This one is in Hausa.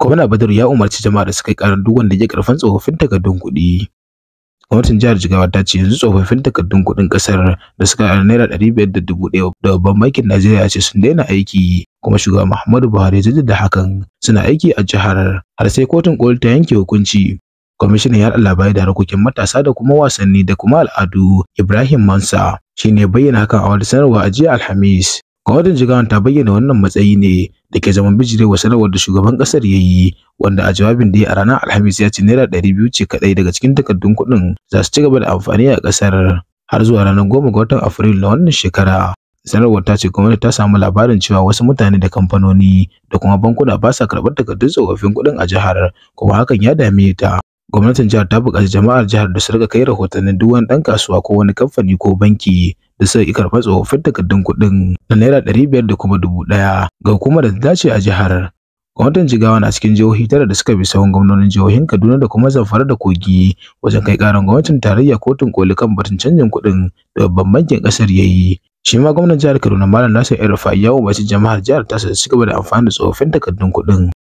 Gwamna Badar ya umarci jama'a da su kai ƙarar duk wanda ya karfan tsofaffin takardun kuɗi. Gwamnatin jihar Jigawa ta ce yanzu tsofaffin takardun kuɗin ƙasar da suka a naira ɗari biyar da dubu ɗaya da babban bankin Najeriya ce sun daina aiki kuma shugaba Muhammadu Buhari ya da hakan suna aiki a jihar har sai kotun ƙoli ta yanke hukunci. Kwamishinan yaɗa labarai da harkokin matasa da kuma wasanni da kuma al'adu Ibrahim Mansa shine bayyana hakan a wata sanarwa a jiya Alhamis. Gwamnatin Jigawan ta bayyana wannan matsayi ne da ke zaman wa sanarwar da shugaban ƙasar ya yi wanda a jawabin da ya a ranar Alhamis ya ce Naira ɗari biyu ce kaɗai daga cikin takardun kuɗin za su ci gaba da amfani a ƙasar har zuwa ranar goma ga watan Afrilu na wannan shekara. Sanarwar ta ce gwamnati ta samu labarin cewa wasu mutane da kamfanoni da kuma bankuna ba sa karɓar takardun tsofaffin kuɗin a jihar kuma hakan ya dame ta. Gwamnatin jihar ta buƙaci jama'ar jihar da su riƙa kai rahotannin duk wani ɗan kasuwa ko wani kamfani ko banki da sai i karɓar tsofaffin takardun kuɗin da naira ɗari biyar da kuma dubu ɗaya ga hukumar da ta dace a jihar. Gwamnatin Jigawa na cikin jihohi tara da suka bi sahun gwamnonin jihohin Kaduna da kuma Zamfara da Kogi wajen kai ƙarin gwamnatin tarayya kotun koli kan batun canjin kuɗin da babban bankin ƙasar ya yi. Shi ma gwamnan jihar Kaduna Malam Nasir El Rufai ya umarci jama'ar jihar tasa su cigaba da amfani da tsofaffin takardun kuɗin.